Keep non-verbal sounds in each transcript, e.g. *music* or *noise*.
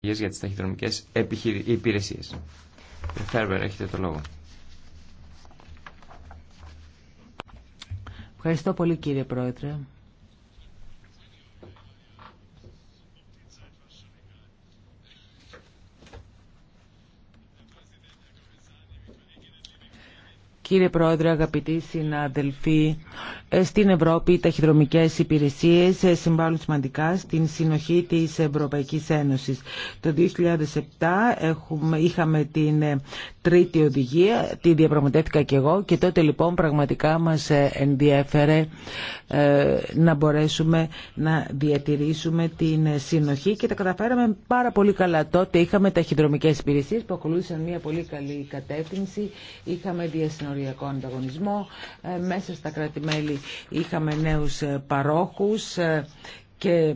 για τις ταχυδρομικές υπηρεσίες. Φέρβερ, έχετε το λόγο. Ευχαριστώ πολύ κύριε Πρόεδρε. Κύριε Πρόεδρε, αγαπητοί συναδελφοί, ε, στην Ευρώπη οι ταχυδρομικές υπηρεσίες ε, συμβάλλουν σημαντικά στην συνοχή της Ευρωπαϊκής Ένωσης. Το 2007 έχουμε, είχαμε την ε, τρίτη οδηγία, τη διαπραγματεύτηκα και εγώ και τότε λοιπόν πραγματικά μας ενδιέφερε να μπορέσουμε να διατηρήσουμε την συνοχή και τα καταφέραμε πάρα πολύ καλά. Τότε είχαμε ταχυδρομικές υπηρεσίες που ακολούθησαν μια πολύ καλή κατεύθυνση, είχαμε ανταγωνισμό. Ε, μέσα στα κράτη-μέλη είχαμε νέους ε, παρόχους ε, και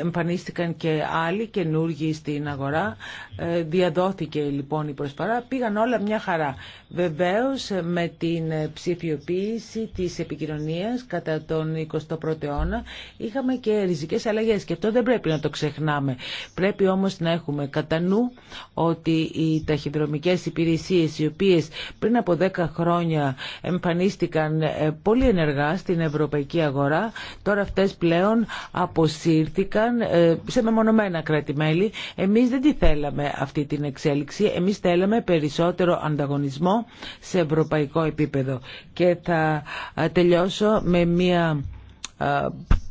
εμφανίστηκαν και άλλοι καινούργοι στην αγορά ε, διαδόθηκε λοιπόν η προσφορά, πήγαν όλα μια χαρά. Βεβαίω με την ε, ψηφιοποίηση τη επικοινωνία κατά τον 21ο αιώνα είχαμε και ριζικέ αλλαγέ και αυτό δεν πρέπει να το ξεχνάμε. Πρέπει όμω να έχουμε κατά νου ότι οι ταχυδρομικέ υπηρεσίε, οι οποίε πριν από 10 χρόνια εμφανίστηκαν ε, πολύ ενεργά στην ευρωπαϊκή αγορά τώρα αυτέ πλέον αποσύρθηκαν σε μεμονωμένα κράτη-μέλη. Εμεί δεν τη θέλαμε αυτή την εξέλιξη. Εμείς θέλαμε περισσότερο ανταγωνισμό σε ευρωπαϊκό επίπεδο. Και θα τελειώσω με μια,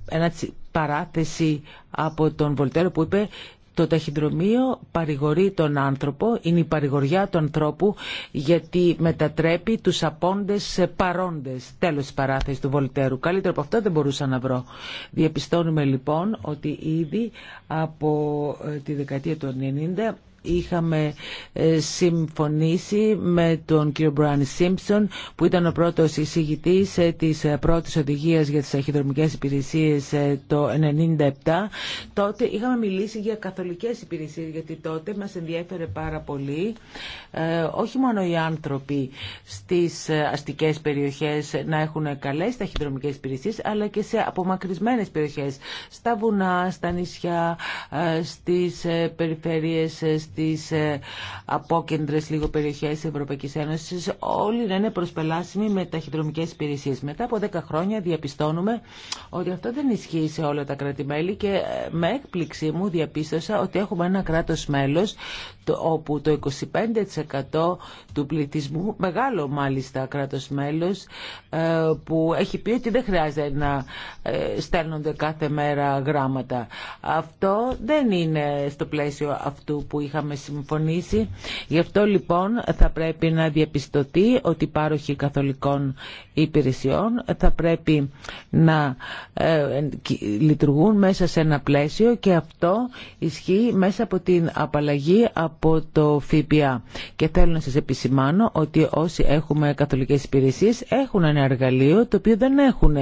ένα παράθεση από τον Βολτέρο που είπε το ταχυδρομείο παρηγορεί τον άνθρωπο, είναι η παρηγοριά του ανθρώπου γιατί μετατρέπει τους απόντες σε παρόντες. Τέλος της παράθεσης του Βολτέρου. Καλύτερο από αυτό δεν μπορούσα να βρω. Διαπιστώνουμε λοιπόν ότι ήδη από ε, τη δεκαετία του 90 είχαμε ε, συμφωνήσει με τον κύριο Μπράνι Σίμψον που ήταν ο πρώτος εισηγητής ε, της ε, πρώτης οδηγίας για τις αρχιδρομικές υπηρεσίες το 1997. Τότε είχαμε μιλήσει για καθολικές υπηρεσίες γιατί τότε μας ενδιέφερε πάρα πολύ όχι μόνο οι άνθρωποι στις αστικές περιοχές να έχουν καλές ταχυδρομικές υπηρεσίες αλλά και σε απομακρυσμένες περιοχές στα βουνά, στα νησιά, στις περιφέρειες, στις ε, απόκεντρες λίγο περιοχές της Ευρωπαϊκής Ένωσης όλοι να είναι προσπελάσιμοι με ταχυδρομικές υπηρεσίες. Μετά από 10 χρόνια διαπιστώνουμε ότι αυτό δεν ισχύει σε όλα τα κράτη-μέλη και ε, με έκπληξή μου διαπίστωσα ότι έχουμε ένα κράτος μέλος όπου το 25% του πληθυσμού, μεγάλο μάλιστα κράτος μέλος, ε, που έχει πει ότι δεν χρειάζεται να στέλνονται κάθε μέρα γράμματα. Αυτό δεν είναι στο πλαίσιο αυτού που είχαμε είχαμε συμφωνήσει. Γι' αυτό λοιπόν θα πρέπει να διαπιστωθεί ότι οι πάροχοι καθολικών υπηρεσιών θα πρέπει να ε, λειτουργούν μέσα σε ένα πλαίσιο και αυτό ισχύει μέσα από την απαλλαγή από το ΦΠΑ. Και θέλω να σας επισημάνω ότι όσοι έχουμε καθολικές υπηρεσίες έχουν ένα εργαλείο το οποίο δεν έχουν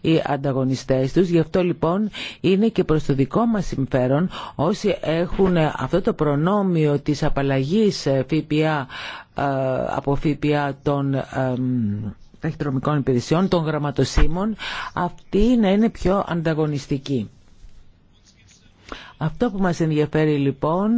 οι ανταγωνιστές τους. Γι' αυτό λοιπόν είναι και προς το δικό μας συμφέρον όσοι έχουν αυτό το προνόμιο προνόμιο της απαλλαγής ε, ΦΠΑ, ε, από ΦΠΑ των ε, ταχυδρομικών υπηρεσιών, των γραμματοσύμων, αυτή να είναι πιο ανταγωνιστική. Αυτό που μας ενδιαφέρει λοιπόν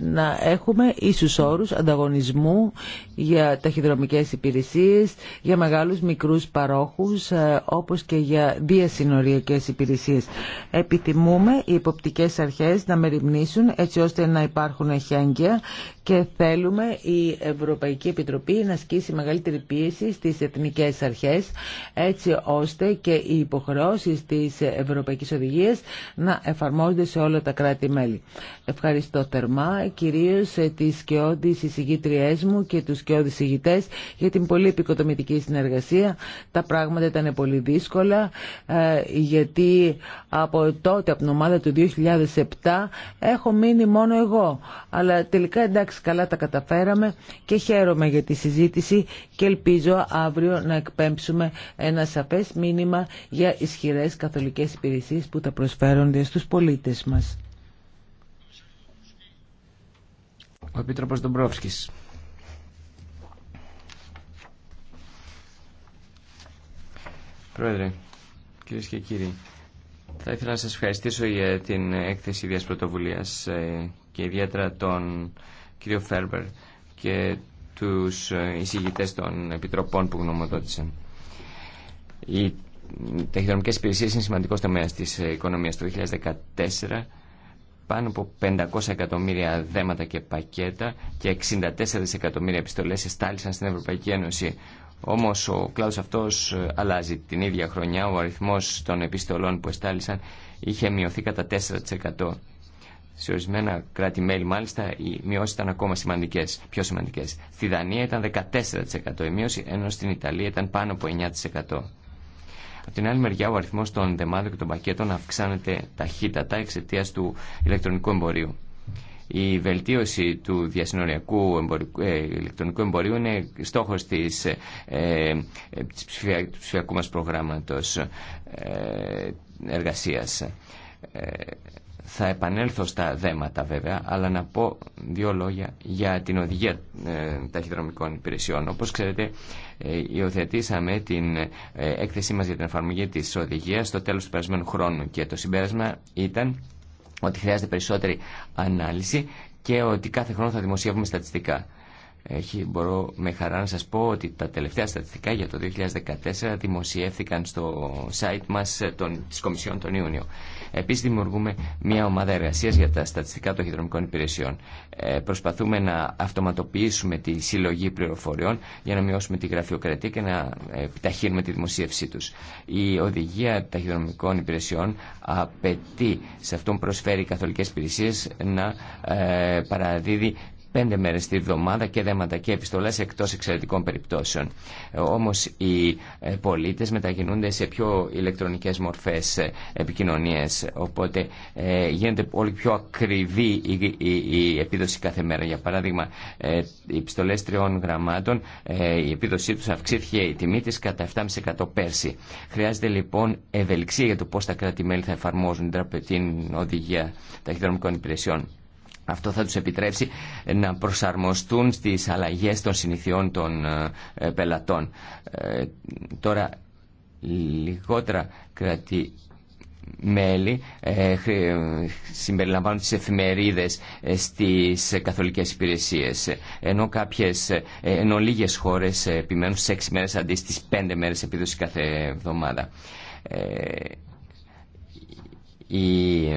να έχουμε ίσους όρους ανταγωνισμού για ταχυδρομικές υπηρεσίες, για μεγάλους μικρούς παρόχους, ε, όπως και για διασυνοριακές υπηρεσίες. Επιθυμούμε οι υποπτικές αρχές να μεριμνήσουν έτσι ώστε να υπάρχουν εχέγγυα και θέλουμε η Ευρωπαϊκή Επιτροπή να ασκήσει μεγαλύτερη πίεση στις εθνικές αρχές έτσι ώστε και οι υποχρεώσεις της Ευρωπαϊκής Οδηγίας να εφαρμόζονται σε όλα τα κράτη-μέλη. Ευχαριστώ θερμά κυρίως ε, τις σκιώδεις εισηγήτριές μου και τους σκιώδεις εισηγητές για την πολύ επικοδομητική συνεργασία. Τα πράγματα ήταν πολύ δύσκολα ε, γιατί από τότε, από την ομάδα του 2007 έχω μείνει μόνο εγώ. Αλλά τελικά εντάξει Εντάξει, καλά τα καταφέραμε και χαίρομαι για τη συζήτηση και ελπίζω αύριο να εκπέμψουμε ένα σαφές μήνυμα για ισχυρές καθολικές υπηρεσίες που τα προσφέρονται στους πολίτες μας. Ο Επίτροπος Ντομπρόφσκης. Πρόεδρε, κυρίες και κύριοι, θα ήθελα να σας ευχαριστήσω για την έκθεση διας πρωτοβουλίας ε, και ιδιαίτερα τον κύριο Φέρμπερ και τους ε, εισηγητές των επιτροπών που γνωμοδότησαν. Οι ταχυδρομικές υπηρεσίε είναι σημαντικός τομέας της ε, οικονομίας. Το 2014 πάνω από 500 εκατομμύρια δέματα και πακέτα και 64 δισεκατομμύρια επιστολές εστάλησαν στην Ευρωπαϊκή Ένωση. Όμως ο κλάδος αυτός ε, αλλάζει. Την ίδια χρονιά ο αριθμός των επιστολών που εστάλησαν είχε μειωθεί κατά 4%. Σε ορισμένα κράτη-μέλη, μάλιστα, οι μειώσει ήταν ακόμα σημαντικέ, πιο σημαντικέ. Στη Δανία ήταν 14% η μείωση, ενώ στην Ιταλία ήταν πάνω από 9%. Από την άλλη μεριά, ο αριθμό των δεμάτων και των πακέτων αυξάνεται ταχύτατα εξαιτία του ηλεκτρονικού εμπορίου. Η βελτίωση του διασυνοριακού εμπορικού, ε, ηλεκτρονικού εμπορίου είναι στοχο τη ε, ε, ψηφιακού μα προγράμματο ε, θα επανέλθω στα δέματα βέβαια, αλλά να πω δύο λόγια για την οδηγία ε, ταχυδρομικών υπηρεσιών. Όπως ξέρετε, ε, υιοθετήσαμε την ε, έκθεσή μας για την εφαρμογή της οδηγίας στο τέλος του περασμένου χρόνου και το συμπέρασμα ήταν ότι χρειάζεται περισσότερη ανάλυση και ότι κάθε χρόνο θα δημοσιεύουμε στατιστικά. Έχει, μπορώ με χαρά να σας πω ότι τα τελευταία στατιστικά για το 2014 δημοσιεύθηκαν στο site μας των, της Κομισιόν τον Ιούνιο. Επίση, δημιουργούμε μια ομάδα εργασία για τα στατιστικά των χειδρομικών υπηρεσιών. Ε, προσπαθούμε να αυτοματοποιήσουμε τη συλλογή πληροφοριών για να μειώσουμε τη γραφειοκρατία και να επιταχύνουμε τη δημοσίευσή του. Η οδηγία ταχυδρομικών υπηρεσιών απαιτεί σε αυτόν προσφέρει καθολικέ καθολικές να ε, παραδίδει πέντε μέρε τη βδομάδα και δέματα και επιστολέ εκτό εξαιρετικών περιπτώσεων. Όμω οι ε, πολίτε μετακινούνται σε πιο ηλεκτρονικέ μορφέ ε, επικοινωνίες, οπότε ε, γίνεται πολύ πιο ακριβή η επίδοση κάθε μέρα. Για παράδειγμα, οι επιστολέ τριών γραμμάτων, η επίδοσή του αυξήθηκε η τιμή τη κατά 7,5% πέρσι. Χρειάζεται λοιπόν ευελιξία για το πώ τα κράτη-μέλη θα εφαρμόζουν την οδηγία ταχυδρομικών υπηρεσιών. Αυτό θα τους επιτρέψει να προσαρμοστούν στις αλλαγές των συνηθιών των ε, πελατών. Ε, τώρα, λιγότερα κρατή μέλη ε, συμπεριλαμβάνουν τις εφημερίδες στις καθολικές υπηρεσίες ενώ, κάποιες, ενώ λίγες χώρες επιμένουν σε 6 μέρες αντί στις 5 μέρες επίδοση κάθε εβδομάδα οι,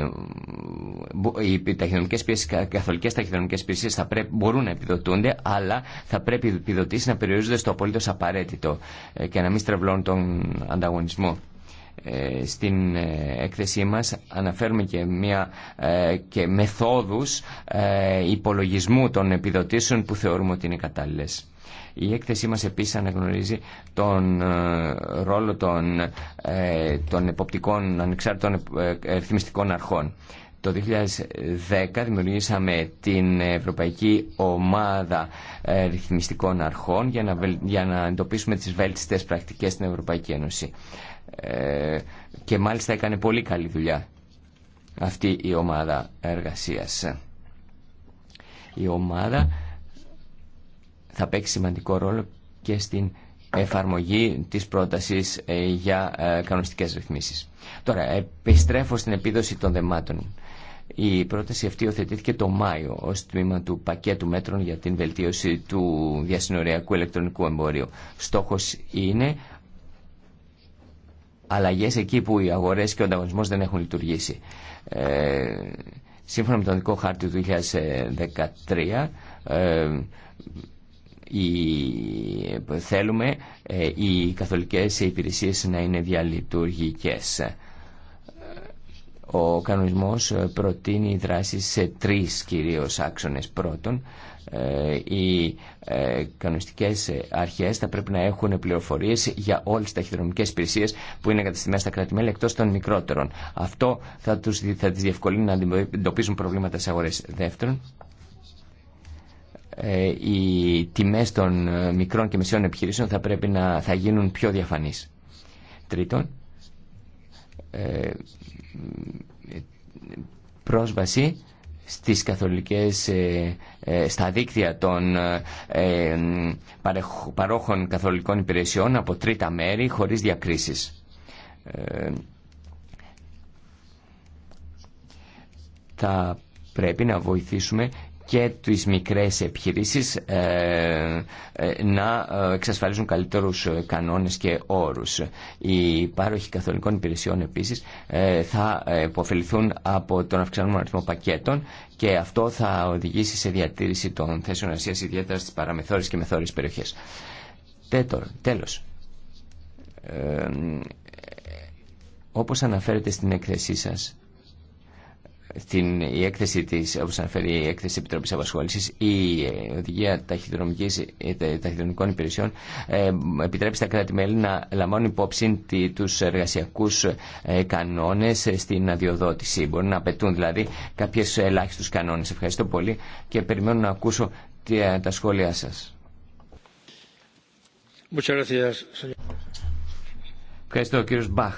οι ταχυδρομικές πίεσεις, καθολικές ταχυδρομικές υπηρεσίες θα μπορούν να επιδοτούνται, αλλά θα πρέπει οι επιδοτήσεις να περιορίζονται στο απολύτως απαραίτητο ε, και να μην στρεβλώνουν τον ανταγωνισμό. Ε, στην ε, έκθεσή μας αναφέρουμε και, μια, και μεθόδους υπολογισμού των επιδοτήσεων που θεωρούμε ότι είναι κατάλληλες. Η έκθεσή μας επίσης αναγνωρίζει τον ε, ρόλο των, ε, των εποπτικών ανεξάρτητων ε, ρυθμιστικών αρχών. Το 2010 δημιουργήσαμε την Ευρωπαϊκή Ομάδα Ρυθμιστικών Αρχών για να, για να εντοπίσουμε τις βέλτιστες πρακτικές στην Ευρωπαϊκή Ένωση. και μάλιστα έκανε πολύ καλή δουλειά αυτή η ομάδα εργασίας. Η ομάδα θα παίξει σημαντικό ρόλο και στην εφαρμογή της πρότασης ε, για ε, κανονιστικές ρυθμίσεις. Τώρα, επιστρέφω στην επίδοση των δεμάτων. Η πρόταση αυτή οθετήθηκε το Μάιο ως τμήμα του πακέτου μέτρων για την βελτίωση του διασυνοριακού ηλεκτρονικού εμπορίου. Στόχος είναι αλλαγές εκεί που οι αγορές και ο ανταγωνισμός δεν έχουν λειτουργήσει. Ε, σύμφωνα με τον δικό χάρτη του 2013, ε, θέλουμε ε, οι καθολικές υπηρεσίες να είναι διαλειτουργικές. Ο κανονισμός προτείνει δράσεις σε τρεις κυρίως άξονες. Πρώτον, ε, οι ε, κανονιστικές αρχές θα πρέπει να έχουν πληροφορίες για όλες τις ταχυδρομικές υπηρεσίες που είναι εγκαταστημένες στα κράτη-μέλη εκτός των μικρότερων. Αυτό θα, τους, θα τις διευκολύνει να αντιμετωπίζουν προβλήματα σε αγορές. Δεύτερον, ε, οι τιμές των ε, μικρών και μεσαίων επιχειρήσεων θα πρέπει να θα γίνουν πιο διαφανείς. Τρίτον, ε, πρόσβαση στις καθολικές, στα δίκτυα των παρόχων καθολικών υπηρεσιών από τρίτα μέρη χωρίς διακρίσεις. Θα πρέπει να βοηθήσουμε και τις μικρές επιχειρήσεις ε, ε, να ε, εξασφαλίζουν καλύτερους κανόνες και όρους. Οι πάροχοι καθολικών υπηρεσιών επίσης θα υποφεληθούν από τον αυξανόμενο αριθμό πακέτων και αυτό θα οδηγήσει σε διατήρηση των θέσεων ασίας ιδιαίτερα στις παραμεθόρες και μεθόρες περιοχές. Τέλος, όπως αναφέρεται στην έκθεσή σας, στην η έκθεση της, όπως αναφέρει η έκθεση Επιτροπής Απασχόλησης, η ε, οδηγία ταχυδρομικών ε, υπηρεσιών ε, επιτρέπει στα κράτη-μέλη να λαμβάνουν υπόψη τη, τους εργασιακούς κανόνες στην αδειοδότηση. Μπορούν να απαιτούν δηλαδή κάποιες ελάχιστους κανόνες. Ευχαριστώ πολύ και περιμένω να ακούσω τα, τα σχόλιά σας. Ευχαριστώ κύριος Μπαχ.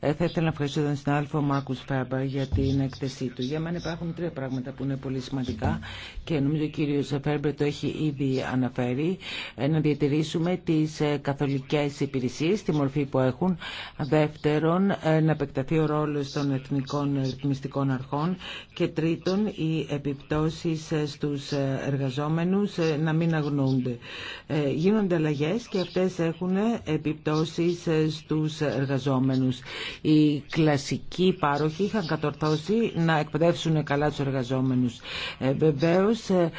Ε, θα ήθελα να ευχαριστήσω τον συνάδελφο Μάρκου Φέμπα για την έκθεσή του. Για μένα υπάρχουν τρία πράγματα που είναι πολύ σημαντικά και νομίζω ο κύριο Φέμπερ το έχει ήδη αναφέρει. Ε, να διατηρήσουμε τι ε, καθολικέ υπηρεσίε, τη μορφή που έχουν. Δεύτερον, να επεκταθεί ο ρόλο των εθνικών ρυθμιστικών αρχών. Και τρίτον, οι επιπτώσει στου εργαζόμενου να μην αγνοούνται. Γίνονται αλλαγέ και αυτέ έχουν επιπτώσει στου εργαζόμενου. Οι κλασικοί πάροχοι είχαν κατορθώσει να εκπαιδεύσουν καλά τους εργαζόμενους. Ε, ε,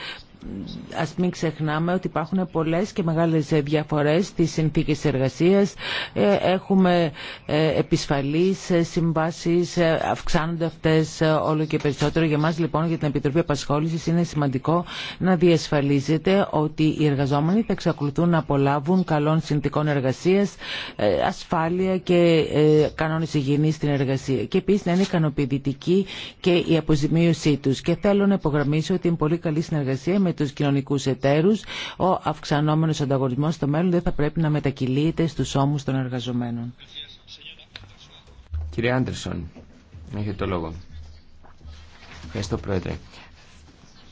ας μην ξεχνάμε ότι υπάρχουν πολλές και μεγάλες διαφορές στις συνθήκες εργασίας. Ε, έχουμε ε, επισφαλείς συμβάσεις, ε, αυξάνονται αυτές όλο και περισσότερο. Για μας λοιπόν, για την Επιτροπή Απασχόλησης, είναι σημαντικό να διασφαλίζεται ότι οι εργαζόμενοι θα εξακολουθούν να απολαύουν καλών συνθήκων εργασίας, ασφάλεια και κανόνες υγιεινής στην εργασία. Και επίσης να είναι ικανοποιητική και η αποζημίωσή τους. Και θέλω να υπογραμμίσω ότι είναι πολύ καλή συνεργασία με τους κοινωνικούς εταίρους, ο αυξανόμενος ανταγωνισμός στο μέλλον δεν θα πρέπει να μετακυλείται στους ώμους των εργαζομένων. Κύριε Άντερσον, έχετε το λόγο. Ευχαριστώ, Πρόεδρε.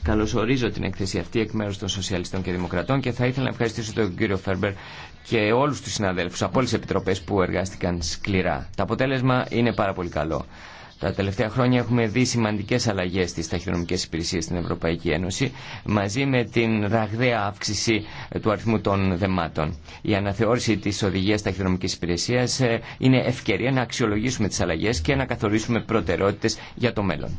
Καλωσορίζω την εκθέση αυτή εκ μέρου των Σοσιαλιστών και Δημοκρατών και θα ήθελα να ευχαριστήσω τον κύριο Φέρμπερ και όλου του συναδέλφου από όλε τι επιτροπέ που εργάστηκαν σκληρά. Το αποτέλεσμα είναι πάρα πολύ καλό. Τα τελευταία χρόνια έχουμε δει σημαντικέ αλλαγέ στι ταχυδρομικέ υπηρεσίε στην Ευρωπαϊκή Ένωση, μαζί με την ραγδαία αύξηση του αριθμού των δεμάτων. Η αναθεώρηση τη οδηγία ταχυδρομική υπηρεσία ε, είναι ευκαιρία να αξιολογήσουμε τι αλλαγέ και να καθορίσουμε προτεραιότητε για το μέλλον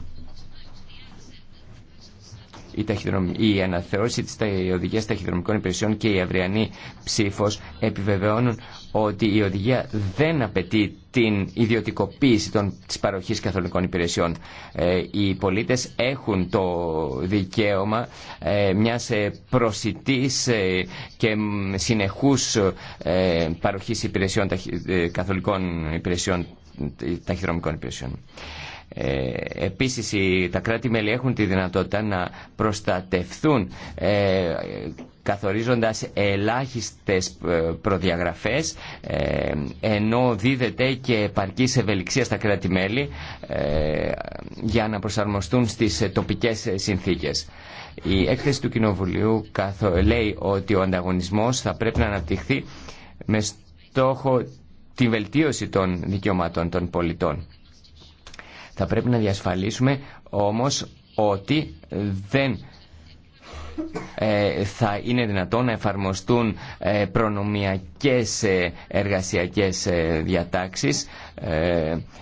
η, η αναθεώρηση της οδηγίας ταχυδρομικών υπηρεσιών και η αυριανή ψήφος επιβεβαιώνουν ότι η οδηγία δεν απαιτεί την ιδιωτικοποίηση των, της παροχής καθολικών υπηρεσιών. Ε, οι πολίτες έχουν το δικαίωμα ε, μιας ε, προσιτής και συνεχούς ε, παροχής υπηρεσιών, καθολικών υπηρεσιών, ταχυδρομικών υπηρεσιών. Ε, επίσης τα κράτη-μέλη έχουν τη δυνατότητα να προστατευθούν ε, καθορίζοντας ελάχιστες ε, προδιαγραφές ε, ενώ δίδεται και επαρκής ευελιξία στα κράτη-μέλη για να προσαρμοστούν στις τοπικές συνθήκες. Η έκθεση του Κοινοβουλίου λέει ότι ο ανταγωνισμός θα πρέπει να αναπτυχθεί με στόχο την βελτίωση των δικαιωμάτων των πολιτών. Θα πρέπει να διασφαλίσουμε όμως ότι δεν ε, θα είναι δυνατόν να εφαρμοστούν ε, προνομιακές ε, εργασιακές διατάξεις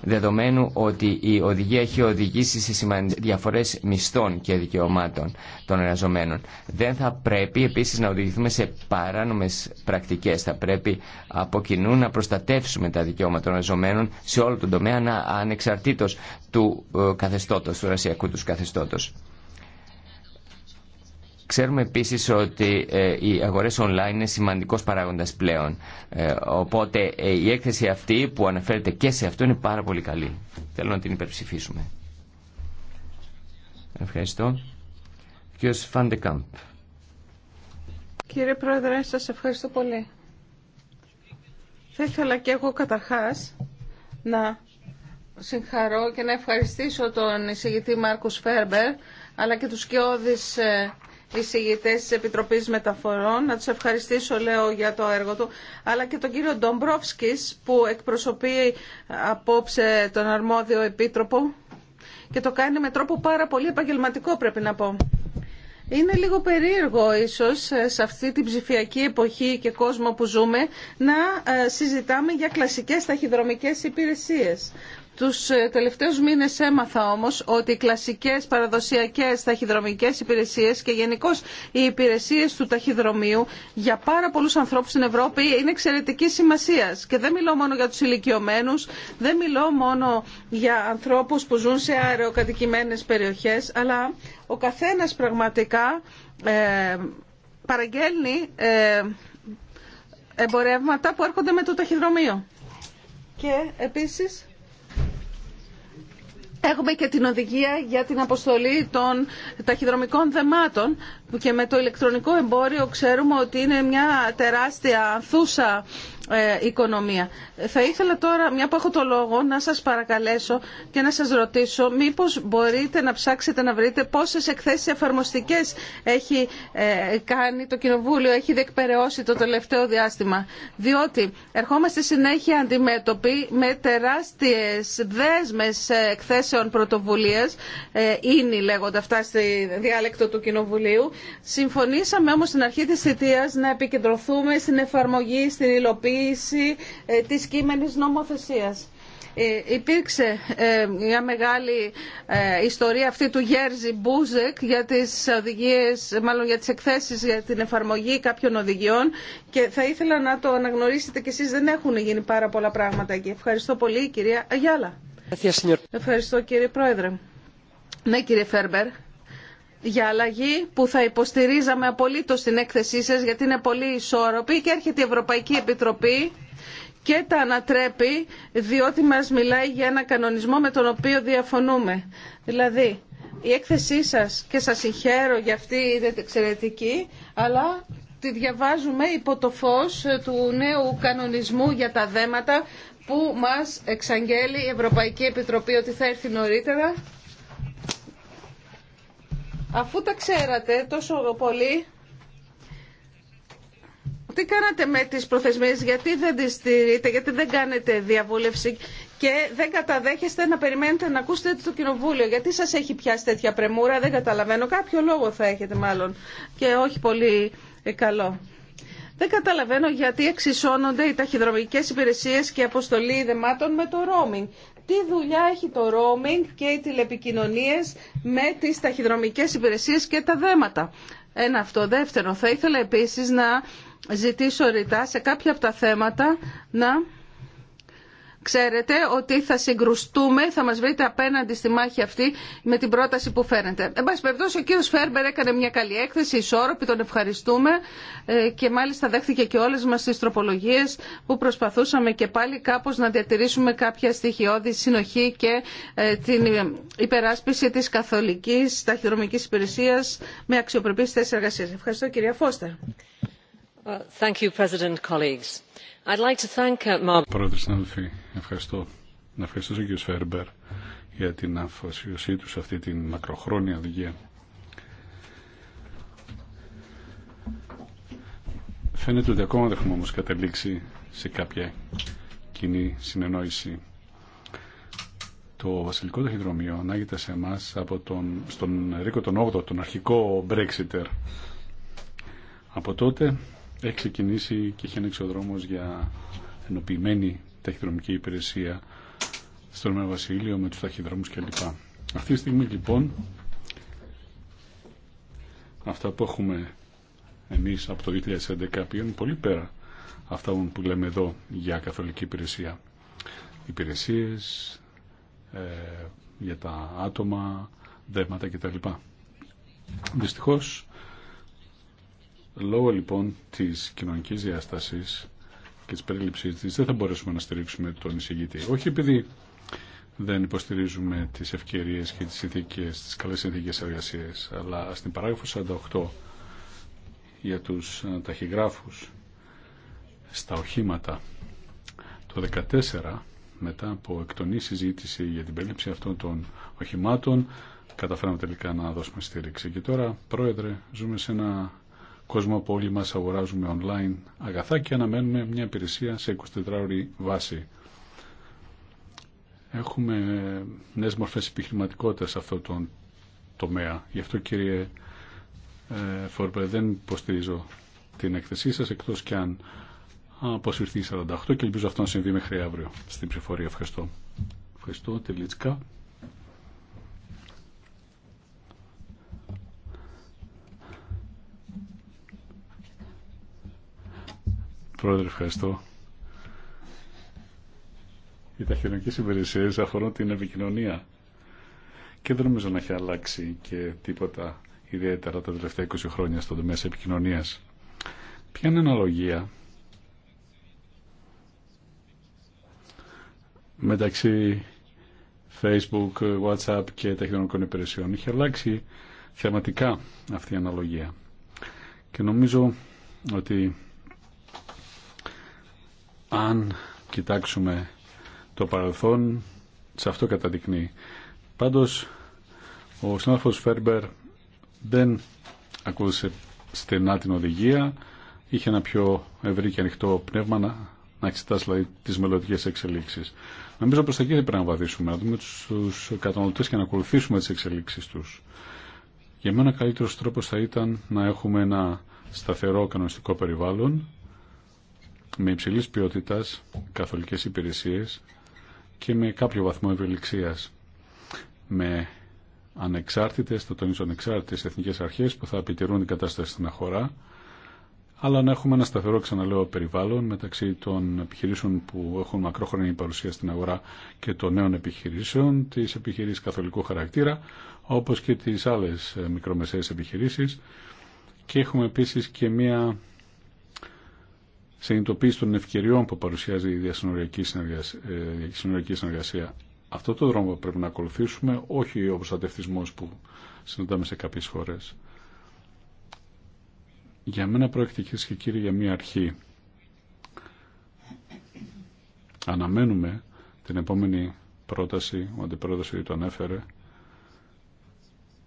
δεδομένου ότι η οδηγία έχει οδηγήσει σε διαφορές μισθών και δικαιωμάτων των εργαζομένων. Δεν θα πρέπει επίσης να οδηγηθούμε σε παράνομες πρακτικές. Θα πρέπει από κοινού να προστατεύσουμε τα δικαιώματα των εργαζομένων σε όλο τον τομέα ανεξαρτήτως του καθεστώτος, του εργασιακού τους καθεστώτος. Ξέρουμε επίσης ότι ε, οι αγορές online είναι σημαντικός παράγοντας πλέον. Ε, οπότε ε, η έκθεση αυτή που αναφέρεται και σε αυτό είναι πάρα πολύ καλή. Θέλω να την υπερψηφίσουμε. Ευχαριστώ. Κύριος Φαντεκάμπ. Κύριε Πρόεδρε, σας ευχαριστώ πολύ. Θα ήθελα και εγώ καταρχάς να συγχαρώ και να ευχαριστήσω τον εισηγητή Μάρκους Φέρμπερ αλλά και τους κοιόδης εισηγητές τη Επιτροπή Μεταφορών. Να τους ευχαριστήσω, λέω, για το έργο του, αλλά και τον κύριο Ντομπρόφσκη, που εκπροσωπεί απόψε τον αρμόδιο επίτροπο και το κάνει με τρόπο πάρα πολύ επαγγελματικό, πρέπει να πω. Είναι λίγο περίεργο ίσως σε αυτή την ψηφιακή εποχή και κόσμο που ζούμε να ε, συζητάμε για κλασικές ταχυδρομικές υπηρεσίες. Τους ε, τελευταίους μήνες έμαθα όμως ότι οι κλασικές παραδοσιακές ταχυδρομικές υπηρεσίες και γενικώ οι υπηρεσίες του ταχυδρομείου για πάρα πολλούς ανθρώπους στην Ευρώπη είναι εξαιρετική σημασία. Και δεν μιλώ μόνο για τους ηλικιωμένους, δεν μιλώ μόνο για ανθρώπους που ζουν σε αεροκατοικημένες περιοχές, αλλά ο καθένας πραγματικά ε, παραγγέλνει ε, εμπορεύματα που έρχονται με το ταχυδρομείο. Και επίσης Έχουμε και την οδηγία για την αποστολή των ταχυδρομικών δεμάτων που και με το ηλεκτρονικό εμπόριο ξέρουμε ότι είναι μια τεράστια θούσα. Ε, οικονομία. Θα ήθελα τώρα, μια που έχω το λόγο, να σας παρακαλέσω και να σας ρωτήσω μήπως μπορείτε να ψάξετε να βρείτε πόσες εκθέσεις εφαρμοστικές έχει ε, κάνει το Κοινοβούλιο, έχει διεκπαιρεώσει το τελευταίο διάστημα. Διότι ερχόμαστε συνέχεια αντιμέτωποι με τεράστιες δέσμες εκθέσεων πρωτοβουλίας, είναι λέγονται αυτά στη διάλεκτο του Κοινοβουλίου. Συμφωνήσαμε όμως στην αρχή της θητείας να επικεντρωθούμε στην εφαρμογή, στην υλοποίηση υλοποίηση ε, της κείμενης νομοθεσίας. Ε, υπήρξε ε, μια μεγάλη ιστορία αυτή του Γέρζι Μπούζεκ για τις οδηγίες, μάλλον για τις εκθέσεις για την εφαρμογή κάποιων οδηγιών και θα ήθελα να το αναγνωρίσετε και εσείς δεν έχουν γίνει πάρα πολλά πράγματα εκεί. Ευχαριστώ πολύ κυρία Αγιάλα. Ευχαριστώ κύριε Πρόεδρε. Ναι κύριε Φέρμπερ για αλλαγή που θα υποστηρίζαμε απολύτως την έκθεσή σας γιατί είναι πολύ ισόρροπη και έρχεται η Ευρωπαϊκή Επιτροπή και τα ανατρέπει διότι μας μιλάει για ένα κανονισμό με τον οποίο διαφωνούμε. Δηλαδή, η έκθεσή σας και σας συγχαίρω για αυτή είναι εξαιρετική, αλλά τη διαβάζουμε υπό το φως του νέου κανονισμού για τα δέματα που μας εξαγγέλει η Ευρωπαϊκή Επιτροπή ότι θα έρθει νωρίτερα Αφού τα ξέρατε τόσο πολύ, τι κάνατε με τις προθεσμίες, γιατί δεν τις στηρείτε, γιατί δεν κάνετε διαβούλευση και δεν καταδέχεστε να περιμένετε να ακούσετε το κοινοβούλιο. Γιατί σας έχει πιάσει τέτοια πρεμούρα, δεν καταλαβαίνω. Κάποιο λόγο θα έχετε μάλλον και όχι πολύ καλό. Δεν καταλαβαίνω γιατί εξισώνονται οι ταχυδρομικές υπηρεσίες και αποστολή δεμάτων με το roaming. Τι δουλειά έχει το roaming και οι τηλεπικοινωνίες με τις ταχυδρομικές υπηρεσίες και τα δέματα. Ένα αυτό. Δεύτερο, θα ήθελα επίσης να ζητήσω ρητά σε κάποια από τα θέματα να ξέρετε ότι θα συγκρουστούμε, θα μα βρείτε απέναντι στη μάχη αυτή με την πρόταση που φαίνεται. Εν πάση περιπτώσει, ο κύριος Φέρμπερ έκανε μια καλή έκθεση, ισόρροπη, τον ευχαριστούμε ε, και μάλιστα δέχθηκε και όλε μα τι τροπολογίε που προσπαθούσαμε και πάλι κάπω να διατηρήσουμε κάποια στοιχειώδη συνοχή και ε, την υπεράσπιση τη καθολική ταχυδρομική υπηρεσία με αξιοπρεπείς θέσεις εργασία. Ευχαριστώ κυρία Φώστερ. Thank you, President, colleagues. I'd like to thank... Uh, Ευχαριστώ. Να ευχαριστήσω και ο Σφέρμπερ για την αφοσίωσή του σε αυτή την μακροχρόνια οδηγία. Φαίνεται ότι ακόμα δεν έχουμε όμως καταλήξει σε κάποια κοινή συνεννόηση. Το βασιλικό ταχυδρομείο ανάγεται σε εμά από τον, στον Ρίκο τον 8ο, τον αρχικό Brexiter. Από τότε έχει ξεκινήσει και έχει ανοίξει ο τον αρχικο brexiter απο τοτε εχει ξεκινησει και εχει ανοιξει ο για ενοποιημένη ταχυδρομική υπηρεσία στον Ρωμαίο Βασίλειο με τους ταχυδρόμους κλπ. Αυτή τη στιγμή λοιπόν αυτά που έχουμε εμείς από το 2011 πηγαίνουν πολύ πέρα αυτά που λέμε εδώ για καθολική υπηρεσία. Υπηρεσίες ε, για τα άτομα, δέματα κτλ. Δυστυχώς, λόγω λοιπόν της κοινωνικής διάστασης και τη περίληψή τη δεν θα μπορέσουμε να στηρίξουμε τον εισηγητή. Όχι επειδή δεν υποστηρίζουμε τις ευκαιρίε και τις, συνθήκες, τις καλές συνθήκες αλλά στην παράγραφο 48 για τους ε, ταχυγράφους στα οχήματα το 14 μετά από εκτονή συζήτηση για την περίληψη αυτών των οχημάτων καταφέραμε τελικά να δώσουμε στήριξη. Και τώρα, Πρόεδρε, ζούμε σε ένα κόσμο που όλοι μας αγοράζουμε online αγαθά και αναμένουμε μια υπηρεσία σε 24 ώρη βάση. Έχουμε νέες μορφές επιχειρηματικότητας σε αυτό το τομέα. Γι' αυτό κύριε ε, Φόρπε δεν υποστηρίζω την έκθεσή σας εκτός και αν αποσυρθεί 48 και ελπίζω αυτό να συμβεί μέχρι αύριο στην ψηφορία. Ευχαριστώ. Ευχαριστώ. Τελίτσκα. Πρόεδρε, ευχαριστώ. Οι ταχυδρομικέ υπηρεσίε αφορούν την επικοινωνία και δεν νομίζω να έχει αλλάξει και τίποτα ιδιαίτερα τα τελευταία 20 χρόνια στον τομέα της επικοινωνίας. Ποια είναι αναλογία μεταξύ Facebook, WhatsApp και ταχυδρομικών υπηρεσιών. Είχε αλλάξει θεματικά αυτή η αναλογία. Και νομίζω ότι αν κοιτάξουμε το παρελθόν σε αυτό καταδεικνύει. Πάντως ο συνάδελφος Φέρμπερ δεν ακούσε στενά την οδηγία, είχε ένα πιο ευρύ και ανοιχτό πνεύμα να, να εξετάσει δηλαδή, τις μελλοντικές εξελίξεις. Νομίζω προς τα εκεί πρέπει να βαδίσουμε, να δούμε τους κατανοητές και να ακολουθήσουμε τις εξελίξεις τους. Για μένα καλύτερος τρόπος θα ήταν να έχουμε ένα σταθερό κανονιστικό περιβάλλον με υψηλή ποιότητα, καθολικές υπηρεσίες και με κάποιο βαθμό ευελιξίας με ανεξάρτητες, το τονίζω ανεξάρτητες εθνικές αρχές που θα επιτηρούν την κατάσταση στην αγορά αλλά να έχουμε ένα σταθερό ξαναλέω περιβάλλον μεταξύ των επιχειρήσεων που έχουν μακρόχρονη παρουσία στην αγορά και των νέων επιχειρήσεων, τη επιχειρήση καθολικού χαρακτήρα όπω και τι άλλε ε, μικρομεσαίες επιχειρήσει και έχουμε επίση και μία συνειδητοποίηση των ευκαιριών που παρουσιάζει η διασυνοριακή ε, συνεργασία. Αυτό το δρόμο πρέπει να ακολουθήσουμε, όχι ο προστατευτισμό που συναντάμε σε κάποιε χώρε. Για μένα πρόκειται κυρίε και κύριοι για μία αρχή. Αναμένουμε την επόμενη πρόταση, ο αντιπρόεδρο ήδη το ανέφερε,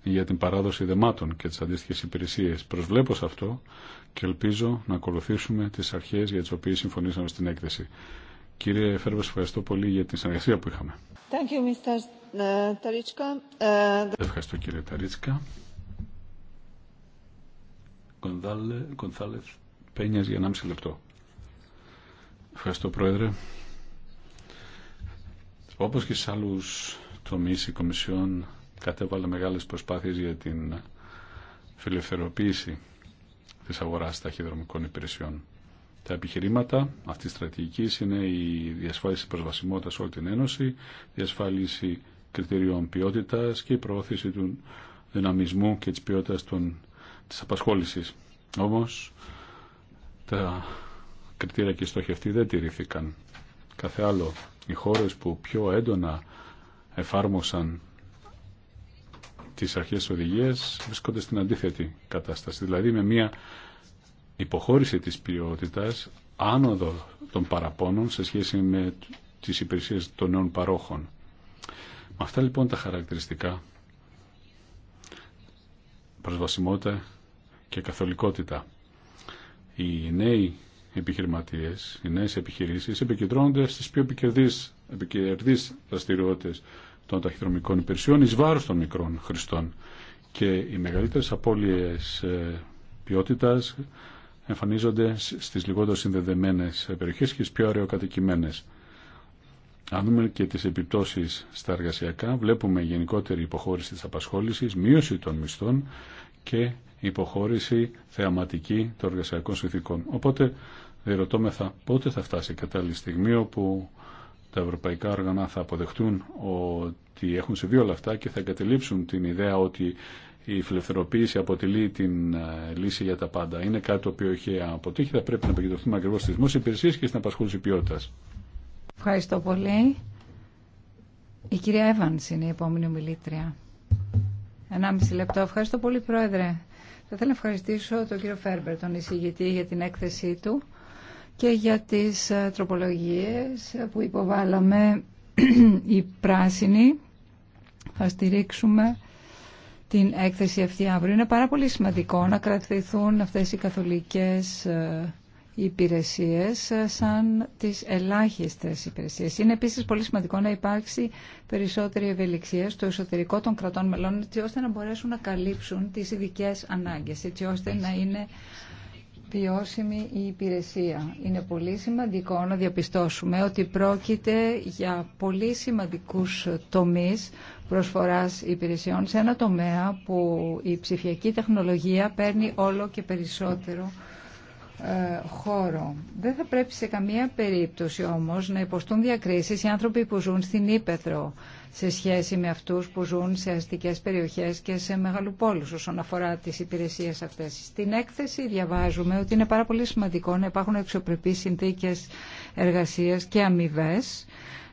για την παράδοση δεμάτων και τις αντίστοιχες υπηρεσίες. Προσβλέπω σε αυτό και ελπίζω να ακολουθήσουμε τις αρχές για τις οποίες συμφωνήσαμε στην έκθεση. Κύριε Φέρβος, ευχαριστώ πολύ για την συνεργασία που είχαμε. you, Mr. Ε, ευχαριστώ κύριε Ταρίτσκα. Κονθάλεφ Πένιας για 1,5 λεπτό. Ευχαριστώ Πρόεδρε. Όπως και σε άλλους τομείς η Κομισιόν κατέβαλε μεγάλες προσπάθειες για την φιλευθεροποίηση της αγοράς ταχυδρομικών υπηρεσιών. Τα επιχειρήματα αυτής της στρατηγικής είναι η διασφάλιση προσβασιμότητας όλη την Ένωση, η διασφάλιση κριτηριών ποιότητας και η προώθηση του δυναμισμού και της ποιότητας των, της απασχόλησης. Όμως τα κριτήρια και οι στόχοι αυτοί δεν τηρήθηκαν. Κάθε άλλο, οι χώρες που πιο έντονα εφάρμοσαν τις αρχές οδηγίες βρίσκονται στην αντίθετη κατάσταση. Δηλαδή με μια υποχώρηση της ποιότητας άνοδο των παραπώνων σε σχέση με τις υπηρεσίες των νέων παρόχων. Με αυτά λοιπόν τα χαρακτηριστικά προσβασιμότητα και καθολικότητα. Οι νέοι επιχειρηματίες, οι νέες επιχειρήσεις επικεντρώνονται στις πιο επικερδείς, επικερδείς των ταχυδρομικών υπηρεσιών εις βάρος των μικρών χρηστών και οι μεγαλύτερες απώλειες ε, ποιότητας εμφανίζονται στις λιγότερο συνδεδεμένες περιοχές και στις πιο αραιοκατοικημένες. Αν δούμε και τις επιπτώσεις στα εργασιακά, βλέπουμε γενικότερη υποχώρηση της απασχόλησης, μείωση των μισθών και υποχώρηση θεαματική των εργασιακών συνθήκων. Οπότε διερωτώμεθα πότε θα φτάσει η κατάλληλη στιγμή όπου τα ευρωπαϊκά όργανα θα αποδεχτούν ότι έχουν συμβεί όλα αυτά και θα εγκατελείψουν την ιδέα ότι η φιλελευθερωποίηση αποτελεί την ε, λύση για τα πάντα. Είναι κάτι το οποίο έχει αποτύχει. Θα πρέπει να επικεντρωθούμε ακριβώ στι δημόσιε υπηρεσίε και στην απασχόληση ποιότητα. Ευχαριστώ πολύ. Η κυρία Εύαν είναι η επόμενη ομιλήτρια. μισή λεπτό. Ευχαριστώ πολύ, Πρόεδρε. Θα ήθελα να ευχαριστήσω τον κύριο Φέρμπερ, τον εισηγητή, για την έκθεσή του και για τις ε, τροπολογίες που υποβάλαμε *clears throat* οι πράσινοι. Θα στηρίξουμε την έκθεση αυτή αύριο. Είναι πάρα πολύ σημαντικό να κρατηθούν αυτές οι καθολικές ε, υπηρεσίες ε, σαν τις ελάχιστες υπηρεσίες. Είναι επίσης πολύ σημαντικό να υπάρξει περισσότερη ευελιξία στο εσωτερικό των κρατών μελών έτσι ώστε να μπορέσουν να καλύψουν τις ειδικέ ανάγκες, έτσι ώστε να είναι Βιώσιμη η υπηρεσία. Είναι πολύ σημαντικό να διαπιστώσουμε ότι πρόκειται για πολύ σημαντικούς τομείς προσφοράς υπηρεσιών σε ένα τομέα που η ψηφιακή τεχνολογία παίρνει όλο και περισσότερο ε, χώρο. Δεν θα πρέπει σε καμία περίπτωση όμως να υποστούν διακρίσεις οι άνθρωποι που ζουν στην Ήπεθρο σε σχέση με αυτούς που ζουν σε αστικές περιοχές και σε μεγαλοπόλους όσον αφορά τις υπηρεσίες αυτές. Στην έκθεση διαβάζουμε ότι είναι πάρα πολύ σημαντικό να υπάρχουν εξωπρεπείς συνθήκες εργασίας και αμοιβέ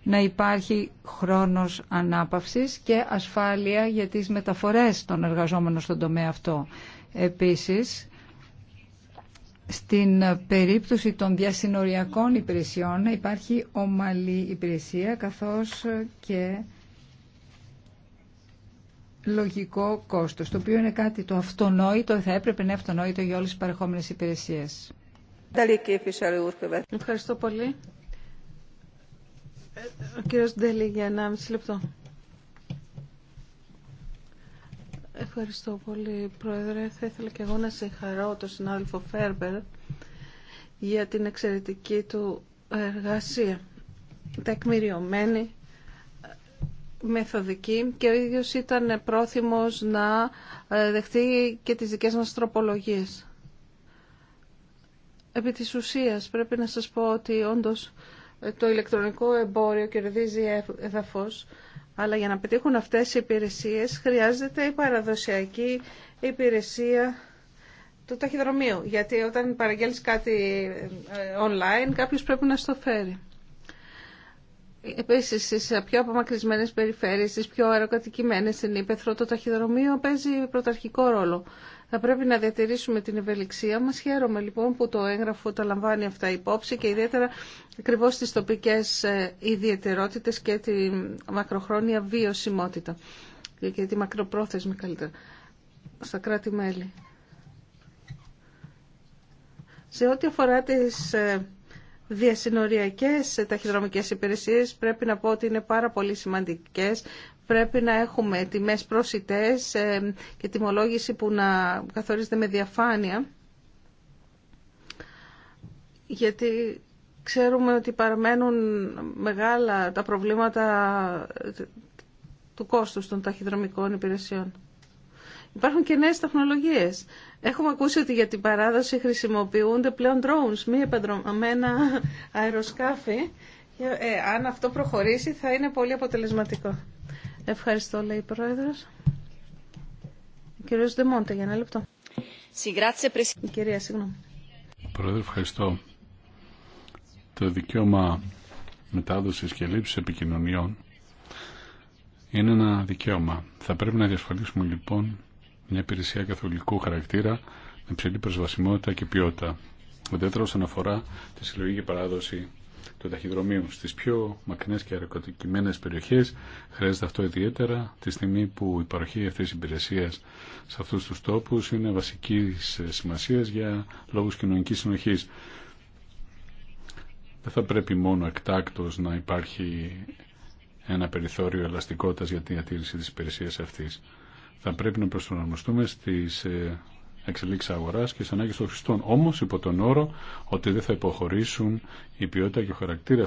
να υπάρχει χρόνος ανάπαυσης και ασφάλεια για τις μεταφορές των εργαζόμενων στον τομέα αυτό. Επίσης, στην περίπτωση των διασυνοριακών υπηρεσιών υπάρχει ομαλή υπηρεσία καθώς και λογικό κόστος, το οποίο είναι κάτι το αυτονόητο, θα έπρεπε να είναι αυτονόητο για όλες τις παρεχόμενες υπηρεσίες. Ευχαριστώ πολύ. Ο κύριος Ντέλη για 1,5 λεπτό. Ευχαριστώ πολύ, Πρόεδρε. Θα ήθελα και εγώ να συγχαρώ τον συνάδελφο Φέρμπερ για την εξαιρετική του εργασία. Τεκμηριωμένη μεθοδική και ο ίδιος ήταν πρόθυμος να ε, δεχτεί και τις δικές μας τροπολογίες. Επί της ουσίας πρέπει να σας πω ότι όντως ε, το ηλεκτρονικό εμπόριο κερδίζει εδαφός, αλλά για να πετύχουν αυτές οι υπηρεσίες χρειάζεται η παραδοσιακή υπηρεσία του ταχυδρομείου, γιατί όταν παραγγέλνεις κάτι ε, online κάποιος πρέπει να στο φέρει. Επίσης σε πιο απομακρυσμένε περιφέρειες, στι πιο αεροκατοικημένες στην Ήπεθρο, το ταχυδρομείο παίζει πρωταρχικό ρόλο. Θα πρέπει να διατηρήσουμε την ευελιξία μα. Χαίρομαι λοιπόν που το έγγραφο τα λαμβάνει αυτά υπόψη και ιδιαίτερα ακριβώ τι τοπικέ ε, ιδιαίτερότητε και τη μακροχρόνια βιωσιμότητα και τη μακροπρόθεσμη καλύτερα στα κράτη-μέλη. Σε ό,τι αφορά τις ε, διασυνοριακές ταχυδρομικές υπηρεσίες πρέπει να πω ότι είναι πάρα πολύ σημαντικές. Πρέπει να έχουμε τιμές προσιτές ε, και τιμολόγηση που να καθορίζεται με διαφάνεια. Γιατί ξέρουμε ότι παραμένουν μεγάλα τα προβλήματα ε, του κόστους των ταχυδρομικών υπηρεσιών. Υπάρχουν και νέες τεχνολογίες Έχουμε ακούσει ότι για την παράδοση χρησιμοποιούνται πλέον drones, μη επανδρομένα αεροσκάφη. Ε, αν αυτό προχωρήσει θα είναι πολύ αποτελεσματικό. Ευχαριστώ, λέει η Πρόεδρος. Κύριος Δεμόντε, για ένα λεπτό. Η κυρία, συγγνώμη. Πρόεδρε, ευχαριστώ. Το δικαίωμα μετάδοσης και λήψης επικοινωνιών είναι ένα δικαίωμα. Θα πρέπει να διασφαλίσουμε λοιπόν μια υπηρεσία καθολικού χαρακτήρα με ψηλή προσβασιμότητα και ποιότητα. Ο όσον αναφορά τη συλλογή και παράδοση του ταχυδρομείου Στι πιο μακρινέ και αρκοτικημένε περιοχέ χρειάζεται αυτό ιδιαίτερα τη στιγμή που η παροχή αυτή τη υπηρεσία σε αυτού του τόπου είναι βασική σημασία για λόγους κοινωνική συνοχή. Δεν θα πρέπει μόνο εκτάκτο να υπάρχει ένα περιθώριο ελαστικότητα για τη διατήρηση τη υπηρεσία αυτή. Θα πρέπει να προσαρμοστούμε στις ε, εξελίξει αγορά και στι ανάγκε των χρηστών. Όμω υπό τον όρο ότι δεν θα υποχωρήσουν η ποιότητα και ο χαρακτήρα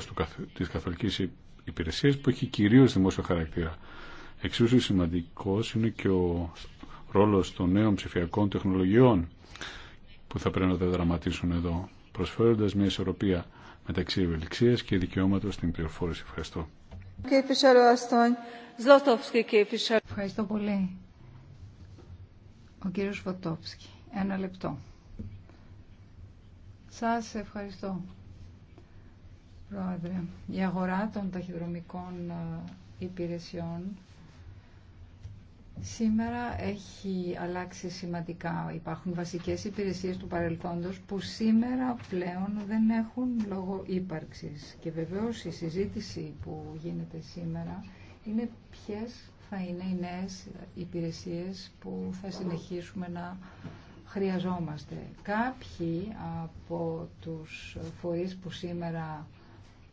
τη καθολική υπηρεσία που έχει κυρίω δημόσιο χαρακτήρα. Εξίσου σημαντικό είναι και ο ρόλο των νέων ψηφιακών τεχνολογιών που θα πρέπει να τα δραματίσουν εδώ, προσφέροντα μια ισορροπία μεταξύ ευελιξία και δικαιώματο στην πληροφόρηση. Ευχαριστώ. Ευχαριστώ πολύ. Ο κύριος Βοτόψκη. Ένα λεπτό. Σας ευχαριστώ, Πρόεδρε. Η αγορά των ταχυδρομικών ε, υπηρεσιών σήμερα έχει αλλάξει σημαντικά. Υπάρχουν βασικές υπηρεσίες του παρελθόντος που σήμερα πλέον δεν έχουν λόγο ύπαρξης. Και βεβαίως η συζήτηση που γίνεται σήμερα είναι ποιες θα είναι οι νέες υπηρεσίες που θα συνεχίσουμε να χρειαζόμαστε. Κάποιοι από τους φορείς που σήμερα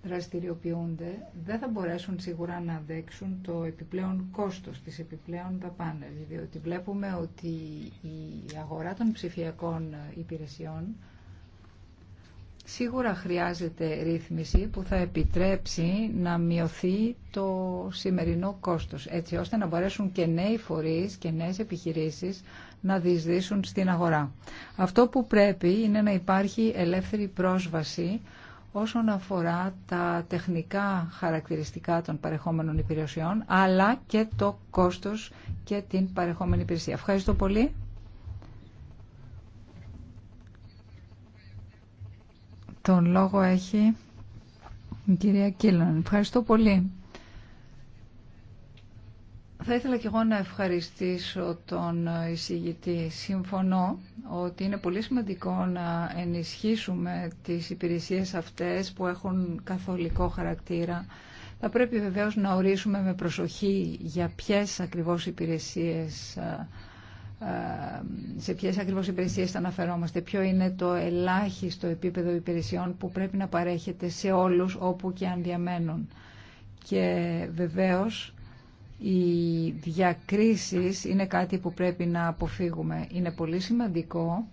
δραστηριοποιούνται δεν θα μπορέσουν σίγουρα να δέξουν το επιπλέον κόστος, της επιπλέον δαπάνες, διότι βλέπουμε ότι η αγορά των ψηφιακών υπηρεσιών Σίγουρα χρειάζεται ρύθμιση που θα επιτρέψει να μειωθεί το σημερινό κόστος, έτσι ώστε να μπορέσουν και νέοι φορείς και νέες επιχειρήσεις να διεισδύσουν στην αγορά. Αυτό που πρέπει είναι να υπάρχει ελεύθερη πρόσβαση όσον αφορά τα τεχνικά χαρακτηριστικά των παρεχόμενων υπηρεσιών, αλλά και το κόστος και την παρεχόμενη υπηρεσία. Ευχαριστώ πολύ. Τον λόγο έχει η κυρία Κίλαν. Ευχαριστώ πολύ. Θα ήθελα και εγώ να ευχαριστήσω τον εισηγητή. Συμφωνώ ότι είναι πολύ σημαντικό να ενισχύσουμε τις υπηρεσίες αυτές που έχουν καθολικό χαρακτήρα. Θα πρέπει βεβαίως να ορίσουμε με προσοχή για ποιες ακριβώς υπηρεσίες ε, ε, σε ποιε ακριβώ υπηρεσίε θα αναφερόμαστε, ποιο είναι το ελάχιστο επίπεδο υπηρεσιών που πρέπει να παρέχεται σε όλους όπου και αν διαμένουν. Και βεβαίω οι διακρίσει είναι κάτι που πρέπει να αποφύγουμε. Είναι πολύ σημαντικό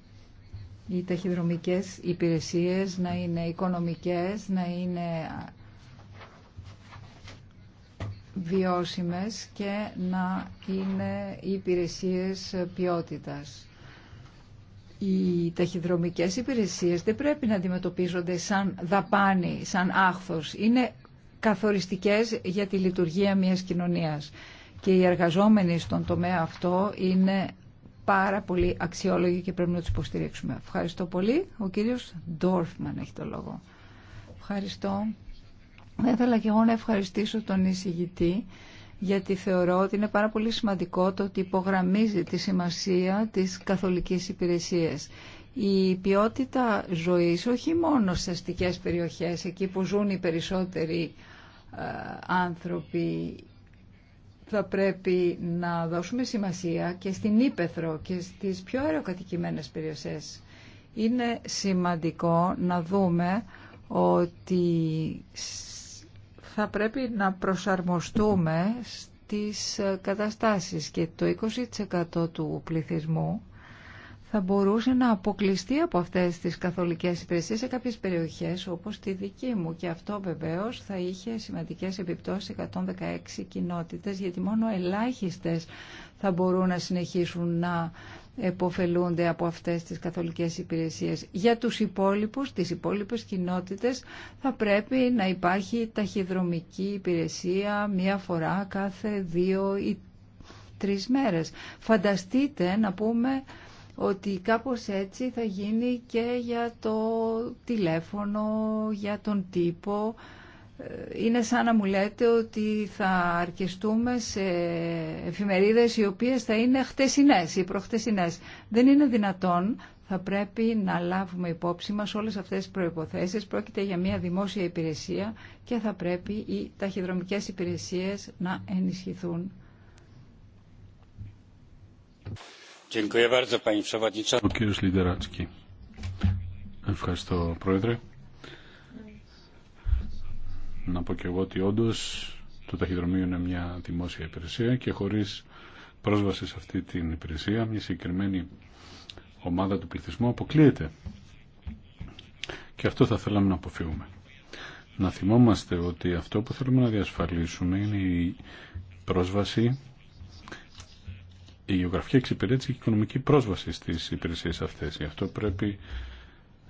οι ταχυδρομικές υπηρεσίες να είναι οικονομικές, να είναι βιώσιμες και να είναι υπηρεσίες ποιότητας. Οι ταχυδρομικές υπηρεσίες δεν πρέπει να αντιμετωπίζονται σαν δαπάνη, σαν άχθος. Είναι καθοριστικές για τη λειτουργία μιας κοινωνίας. Και οι εργαζόμενοι στον τομέα αυτό είναι πάρα πολύ αξιόλογοι και πρέπει να τους υποστηρίξουμε. Ευχαριστώ πολύ. Ο κύριος Ντόρφμαν έχει το λόγο. Ευχαριστώ. Θα ήθελα και εγώ να ευχαριστήσω τον εισηγητή γιατί θεωρώ ότι είναι πάρα πολύ σημαντικό το ότι υπογραμμίζει τη σημασία της καθολικής υπηρεσίας. Η ποιότητα ζωής όχι μόνο σε αστικές περιοχές, εκεί που ζουν οι περισσότεροι ε, άνθρωποι, θα πρέπει να δώσουμε σημασία και στην Ήπεθρο και στις πιο αεροκατοικημένες περιοχές. Είναι σημαντικό να δούμε ότι θα πρέπει να προσαρμοστούμε στις ε, καταστάσεις και το 20% του πληθυσμού θα μπορούσε να αποκλειστεί από αυτές τις καθολικές υπηρεσίες σε κάποιες περιοχές όπως τη δική μου και αυτό βεβαίως θα είχε σημαντικές επιπτώσεις 116 κοινότητες γιατί μόνο ελάχιστες θα μπορούν να συνεχίσουν να εποφελούνται από αυτές τις καθολικές υπηρεσίες. Για τους υπόλοιπους, τις υπόλοιπες κοινότητες θα πρέπει να υπάρχει ταχυδρομική υπηρεσία μία φορά κάθε δύο ή τρεις μέρες. Φανταστείτε να πούμε ότι κάπως έτσι θα γίνει και για το τηλέφωνο, για τον τύπο, είναι σαν να μου λέτε ότι θα αρκεστούμε σε εφημερίδες οι οποίες θα είναι χτεσινές ή προχτεσινές. Δεν είναι δυνατόν. Θα πρέπει να λάβουμε υπόψη μας όλες αυτές τις προϋποθέσεις. Πρόκειται για μια δημόσια υπηρεσία και θα πρέπει οι ταχυδρομικές υπηρεσίες να ενισχυθούν. Ευχαριστώ, Πρόεδρε να πω και εγώ ότι όντω το ταχυδρομείο είναι μια δημόσια υπηρεσία και χωρίς πρόσβαση σε αυτή την υπηρεσία μια συγκεκριμένη ομάδα του πληθυσμού αποκλείεται. Και αυτό θα θέλαμε να αποφύγουμε. Να θυμόμαστε ότι αυτό που θέλουμε να διασφαλίσουμε είναι η πρόσβαση, η γεωγραφική εξυπηρέτηση και η οικονομική πρόσβαση στις υπηρεσίες αυτές. πρέπει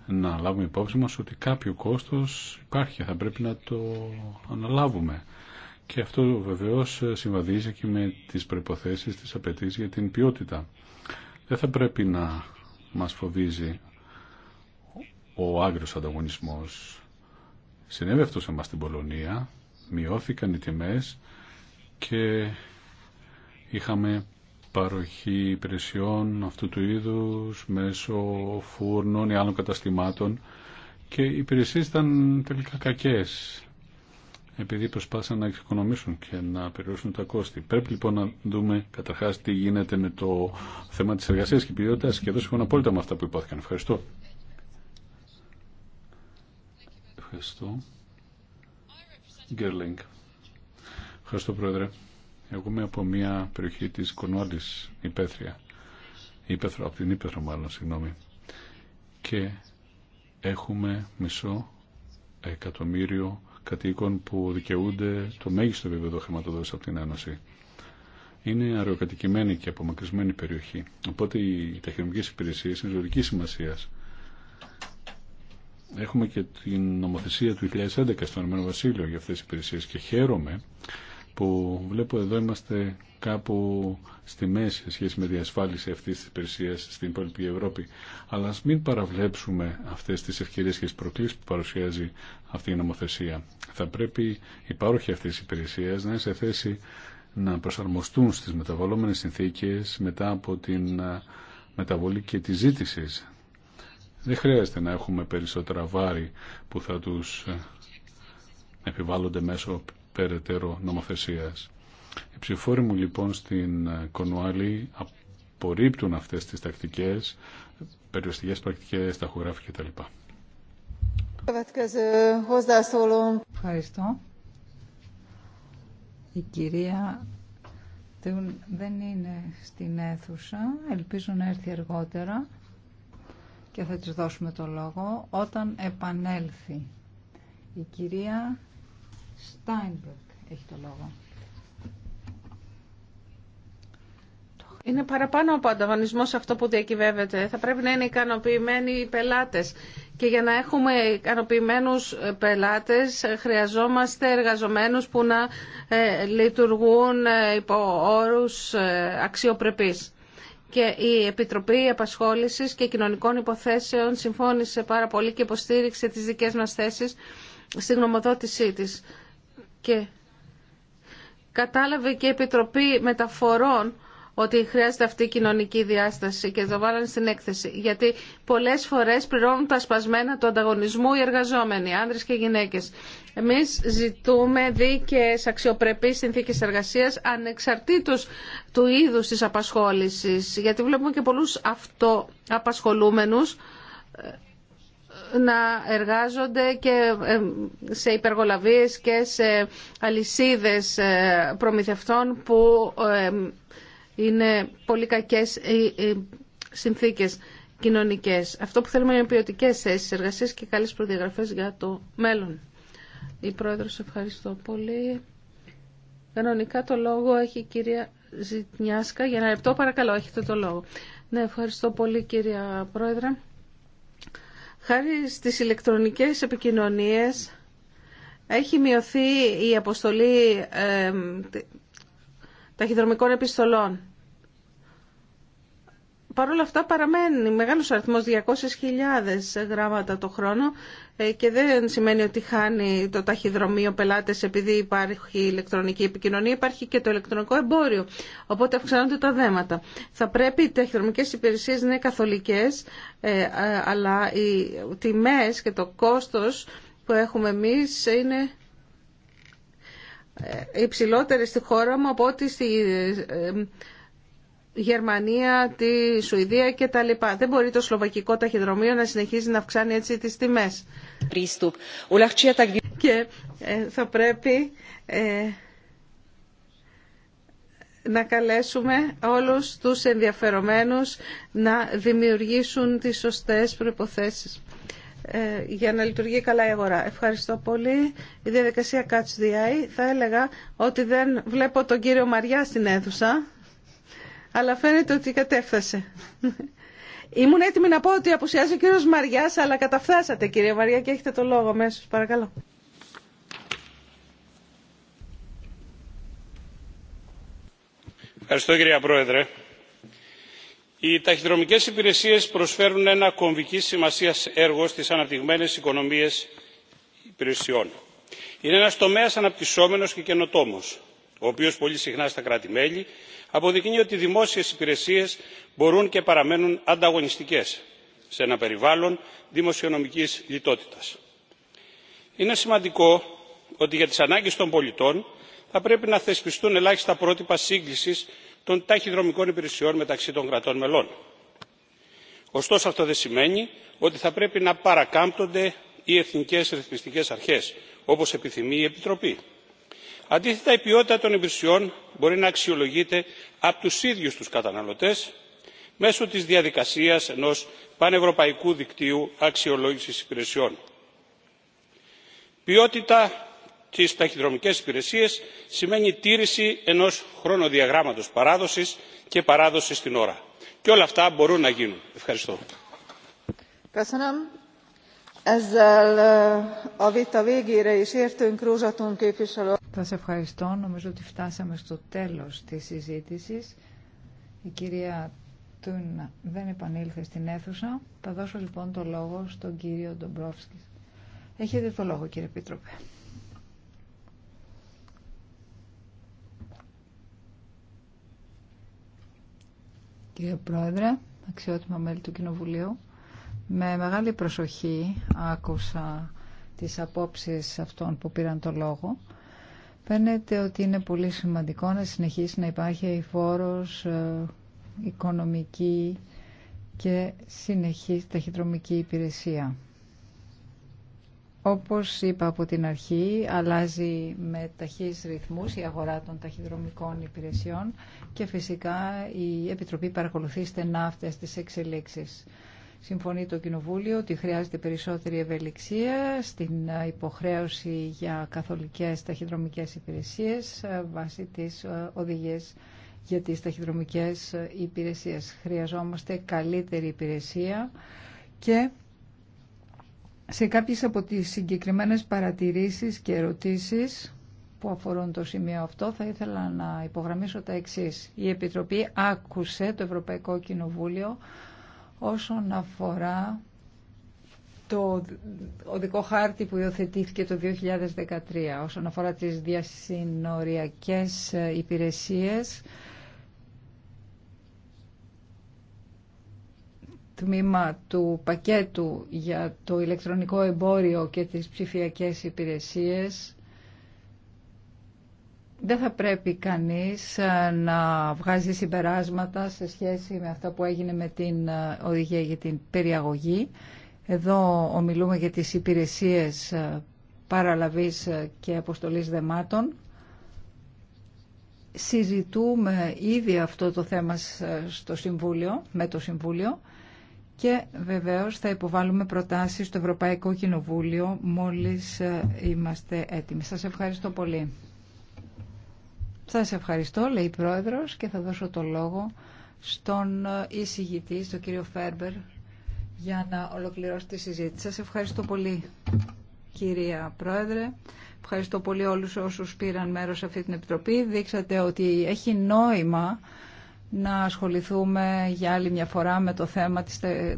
να λάβουμε υπόψη μας ότι κάποιο κόστος υπάρχει, θα πρέπει να το αναλάβουμε. Και αυτό βεβαίως συμβαδίζει και με τις προϋποθέσεις, τις απαιτήσει για την ποιότητα. Δεν θα πρέπει να μας φοβίζει ο άγριος ανταγωνισμός. Συνέβη αυτό σε μας στην Πολωνία, μειώθηκαν οι τιμές και είχαμε παροχή υπηρεσιών αυτού του είδους μέσω φούρνων ή άλλων καταστημάτων και οι υπηρεσίες ήταν τελικά κακές επειδή προσπάθησαν να εξοικονομήσουν και να περιορίσουν τα κόστη. Πρέπει λοιπόν να δούμε καταρχά τι γίνεται με το θέμα τη εργασία και ποιότητα και εδώ συμφωνώ απόλυτα με αυτά που υπόθηκαν. Ευχαριστώ. Ευχαριστώ. Γκέρλινγκ. Ευχαριστώ, Πρόεδρε. Εγώ είμαι από μια περιοχή της Κονόλης Υπέθρια. από την Ήπεθρο μάλλον, συγγνώμη. Και έχουμε μισό εκατομμύριο κατοίκων που δικαιούνται το μέγιστο επίπεδο χρηματοδότηση από την Ένωση. Είναι αεροκατοικημένη και απομακρυσμένη περιοχή. Οπότε οι ταχυδρομικέ υπηρεσίε είναι ζωτική σημασία. Έχουμε και την νομοθεσία του 2011 στον Ηνωμένο Βασίλειο για αυτέ τι υπηρεσίε και χαίρομαι που βλέπω εδώ είμαστε κάπου στη μέση σε σχέση με διασφάλιση αυτής τη υπηρεσία στην υπόλοιπη Ευρώπη. Αλλά ας μην παραβλέψουμε αυτές τις ευκαιρίες και τις προκλήσεις που παρουσιάζει αυτή η νομοθεσία. Θα πρέπει οι πάροχοι αυτής της υπηρεσίας να είναι σε θέση να προσαρμοστούν στις μεταβολόμενες συνθήκες μετά από την μεταβολή και τη ζήτηση. Δεν χρειάζεται να έχουμε περισσότερα βάρη που θα τους επιβάλλονται μέσω περαιτέρω νομοθεσίας. Οι ψηφόροι μου λοιπόν στην Κονουάλη απορρίπτουν αυτές τις τακτικές, περιοριστικές πρακτικές, ταχογράφη κτλ. Ευχαριστώ. Η κυρία δεν είναι στην αίθουσα. Ελπίζω να έρθει αργότερα και θα της δώσουμε το λόγο όταν επανέλθει. Η κυρία έχει το λόγο. Είναι παραπάνω από ανταγωνισμό αυτό που διακυβεύεται. Θα πρέπει να είναι ικανοποιημένοι οι πελάτε. Και για να έχουμε ικανοποιημένου πελάτε, χρειαζόμαστε εργαζομένου που να ε, λειτουργούν ε, υπό όρου ε, αξιοπρεπή. Και η Επιτροπή Απασχόλησης και Κοινωνικών Υποθέσεων συμφώνησε πάρα πολύ και υποστήριξε τις δικές μας θέσεις στη γνωμοδότησή της και κατάλαβε και η Επιτροπή Μεταφορών ότι χρειάζεται αυτή η κοινωνική διάσταση και το βάλανε στην έκθεση. Γιατί πολλέ φορέ πληρώνουν τα σπασμένα του ανταγωνισμού οι εργαζόμενοι, άνδρε και γυναίκε. Εμεί ζητούμε δίκαιε, αξιοπρεπεί συνθήκε εργασία ανεξαρτήτω του είδου τη απασχόληση. Γιατί βλέπουμε και πολλού αυτοαπασχολούμενου να εργάζονται και ε, σε υπεργολαβίες και σε αλυσίδες ε, προμηθευτών που ε, είναι πολύ κακές οι συνθήκες κοινωνικές. Αυτό που θέλουμε είναι ποιοτικέ θέσει εργασία και καλές προδιαγραφές για το μέλλον. Η Πρόεδρος, ευχαριστώ πολύ. Κανονικά το λόγο έχει η κυρία Ζητνιάσκα. Για να λεπτό παρακαλώ, έχετε το λόγο. Ναι, ευχαριστώ πολύ κυρία Πρόεδρε. Χάρη στις ηλεκτρονικές επικοινωνίες έχει μειωθεί η αποστολή ε, ταχυδρομικών επιστολών. Παρ' όλα αυτά παραμένει μεγάλος αριθμός, 200.000 γράμματα το χρόνο ε, και δεν σημαίνει ότι χάνει το ταχυδρομείο πελάτες επειδή υπάρχει ηλεκτρονική επικοινωνία, υπάρχει και το ηλεκτρονικό εμπόριο, οπότε αυξάνονται τα δέματα. Θα πρέπει οι ταχυδρομικές υπηρεσίες να είναι καθολικές, ε, αλλά οι τιμές και το κόστος που έχουμε εμείς είναι ε, υψηλότερες στη χώρα μου από ό,τι στη Γερμανία, τη Σουηδία και τα λοιπά. Δεν μπορεί το σλοβακικό ταχυδρομείο να συνεχίζει να αυξάνει έτσι τις τιμές. Και ε, θα πρέπει ε, να καλέσουμε όλους τους ενδιαφερομένους να δημιουργήσουν τις σωστές προϋποθέσεις ε, για να λειτουργεί καλά η αγορά. Ευχαριστώ πολύ. Η διαδικασία Catch the Eye. Θα έλεγα ότι δεν βλέπω τον κύριο Μαριά στην αίθουσα αλλά φαίνεται ότι κατέφθασε. Ήμουν έτοιμη να πω ότι απουσιάζει ο κύριος Μαριά, αλλά καταφθάσατε κύριε Μαριά και έχετε το λόγο αμέσω. Παρακαλώ. Ευχαριστώ κυρία Πρόεδρε. Οι ταχυδρομικές υπηρεσίες προσφέρουν ένα κομβική σημασία έργο στις αναπτυγμένες οικονομίες υπηρεσιών. Είναι ένα τομέα αναπτυσσόμενο και καινοτόμο, ο οποίο πολύ συχνά στα κράτη-μέλη αποδεικνύει ότι οι δημόσιες υπηρεσίες μπορούν και παραμένουν ανταγωνιστικές σε ένα περιβάλλον δημοσιονομικής λιτότητας. Είναι σημαντικό ότι για τις ανάγκες των πολιτών θα πρέπει να θεσπιστούν ελάχιστα πρότυπα σύγκλησης των ταχυδρομικών υπηρεσιών μεταξύ των κρατών μελών. Ωστόσο αυτό δεν σημαίνει ότι θα πρέπει να παρακάμπτονται οι εθνικές ρυθμιστικές αρχές όπως επιθυμεί η Επιτροπή αντίθετα η ποιότητα των υπηρεσιών μπορεί να αξιολογείται από τους ίδιους τους καταναλωτές μέσω της διαδικασίας ενός πανευρωπαϊκού δικτύου αξιολόγησης υπηρεσιών. ποιότητα της ταχυδρομικές υπηρεσίες σημαίνει τήρηση ενός χρονοδιαγράμματος παράδοσης και παράδοσης στην ώρα. και όλα αυτά μπορούν να γίνουν. ευχαριστώ. Eh, Θα σε ευχαριστώ. Νομίζω ότι φτάσαμε στο τέλος της συζήτησης. Η κυρία Τούν δεν επανήλθε στην αίθουσα. Θα δώσω λοιπόν το λόγο στον κύριο Ντομπρόφσκη. Έχετε το λόγο κύριε Πίτροπε. Κύριε Πρόεδρε, αξιότιμα μέλη του Κοινοβουλίου, με μεγάλη προσοχή άκουσα τις απόψεις αυτών που πήραν το λόγο. Φαίνεται ότι είναι πολύ σημαντικό να συνεχίσει να υπάρχει η φόρος ε, οικονομική και συνεχής ταχυδρομική υπηρεσία. Όπως είπα από την αρχή, αλλάζει με ταχύς ρυθμούς η αγορά των ταχυδρομικών υπηρεσιών και φυσικά η Επιτροπή παρακολουθεί στενά αυτές τις εξελίξεις. Συμφωνεί το Κοινοβούλιο ότι χρειάζεται περισσότερη ευελιξία στην υποχρέωση για καθολικές ταχυδρομικές υπηρεσίες ε, βάσει της ε, οδηγίας για τις ταχυδρομικές ε, υπηρεσίες. Χρειαζόμαστε καλύτερη υπηρεσία και σε κάποιες από τις συγκεκριμένες παρατηρήσεις και ερωτήσεις που αφορούν το σημείο αυτό θα ήθελα να υπογραμμίσω τα εξής. Η Επιτροπή άκουσε το Ευρωπαϊκό Κοινοβούλιο όσον αφορά το οδικό χάρτη που υιοθετήθηκε το 2013 όσον αφορά τις διασυνοριακές υπηρεσίες τμήμα του πακέτου για το ηλεκτρονικό εμπόριο και τις ψηφιακές υπηρεσίες δεν θα πρέπει κανείς ε, να βγάζει συμπεράσματα σε σχέση με αυτά που έγινε με την ε, οδηγία για την περιαγωγή. Εδώ ομιλούμε για τις υπηρεσίες ε, παραλαβής και αποστολής δεμάτων. Συζητούμε ήδη αυτό το θέμα στο Συμβούλιο, με το Συμβούλιο και βεβαίως θα υποβάλουμε προτάσεις στο Ευρωπαϊκό Κοινοβούλιο μόλις είμαστε έτοιμοι. Σας ευχαριστώ πολύ. Σα ευχαριστώ, λέει η Πρόεδρος, και θα δώσω το λόγο στον εισηγητή, στον κύριο Φέρμπερ, για να ολοκληρώσει τη συζήτηση. Σας ευχαριστώ πολύ, κυρία Πρόεδρε. Ευχαριστώ πολύ όλους όσους πήραν μέρος σε αυτή την Επιτροπή. Δείξατε ότι έχει νόημα να ασχοληθούμε για άλλη μια φορά με το θέμα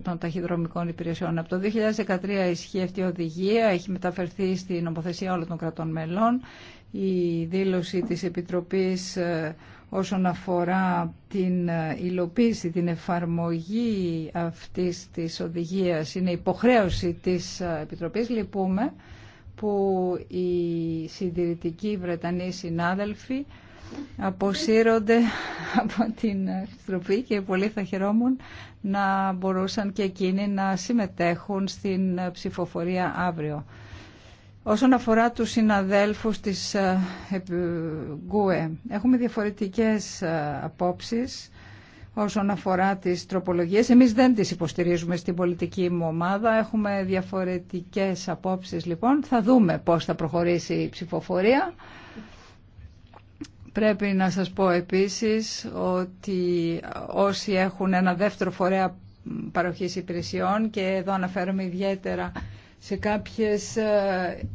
των ταχυδρομικών υπηρεσιών. Από το 2013 ισχύει αυτή η οδηγία, έχει μεταφερθεί στην νομοθεσία όλων των κρατών μελών η δήλωση της Επιτροπής ε, όσον αφορά την ε, υλοποίηση, την εφαρμογή αυτής της οδηγίας είναι υποχρέωση της ε, Επιτροπής. Λυπούμε που οι συντηρητικοί Βρετανοί συνάδελφοι αποσύρονται *laughs* από την Επιτροπή και πολύ θα χαιρόμουν να μπορούσαν και εκείνοι να συμμετέχουν στην ψηφοφορία αύριο. Όσον αφορά τους συναδέλφους της ε, ΓΚΟΕ, έχουμε διαφορετικές ε, απόψεις όσον αφορά τις τροπολογίες. Εμείς δεν τις υποστηρίζουμε στην πολιτική μου ομάδα. Έχουμε διαφορετικές απόψεις λοιπόν. Θα δούμε πώς θα προχωρήσει η ψηφοφορία. Πρέπει να σας πω επίσης ότι όσοι έχουν ένα δεύτερο φορέα παροχής υπηρεσιών και εδώ αναφέρομαι ιδιαίτερα σε κάποιες ε,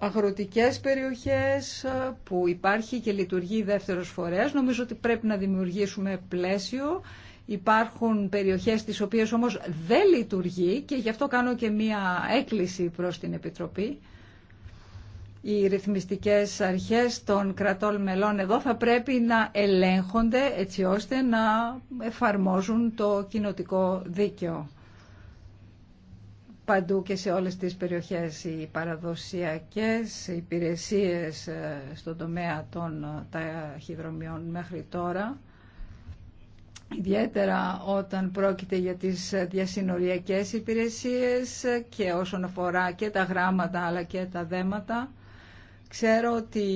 αγροτικές περιοχές ε, που υπάρχει και λειτουργεί δεύτερος φορέας. Νομίζω ότι πρέπει να δημιουργήσουμε πλαίσιο. Υπάρχουν περιοχές τις οποίες όμως δεν λειτουργεί και γι' αυτό κάνω και μία έκκληση προς την Επιτροπή. Οι ρυθμιστικές αρχές των κρατών μελών εδώ θα πρέπει να ελέγχονται έτσι ώστε να εφαρμόζουν το κοινοτικό δίκαιο παντού και σε όλες τις περιοχές οι παραδοσιακές υπηρεσίες ε, στον τομέα των ε, ταχυδρομιών μέχρι τώρα ιδιαίτερα όταν πρόκειται για τις διασυνοριακές υπηρεσίες και όσον αφορά και τα γράμματα αλλά και τα δέματα. Ξέρω ότι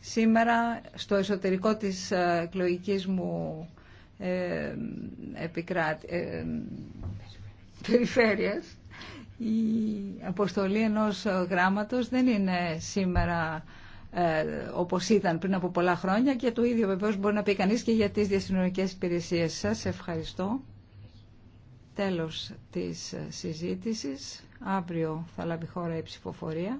σήμερα στο εσωτερικό της ε, εκλογικής μου επικράτη, περιφέρειας. Η αποστολή ενός γράμματος δεν είναι σήμερα ε, όπως ήταν πριν από πολλά χρόνια και το ίδιο βεβαίως μπορεί να πει κανείς και για τις διασυνωνικές υπηρεσίες σας. Ευχαριστώ. Τέλος της συζήτησης. Αύριο θα λάβει χώρα η ψηφοφορία.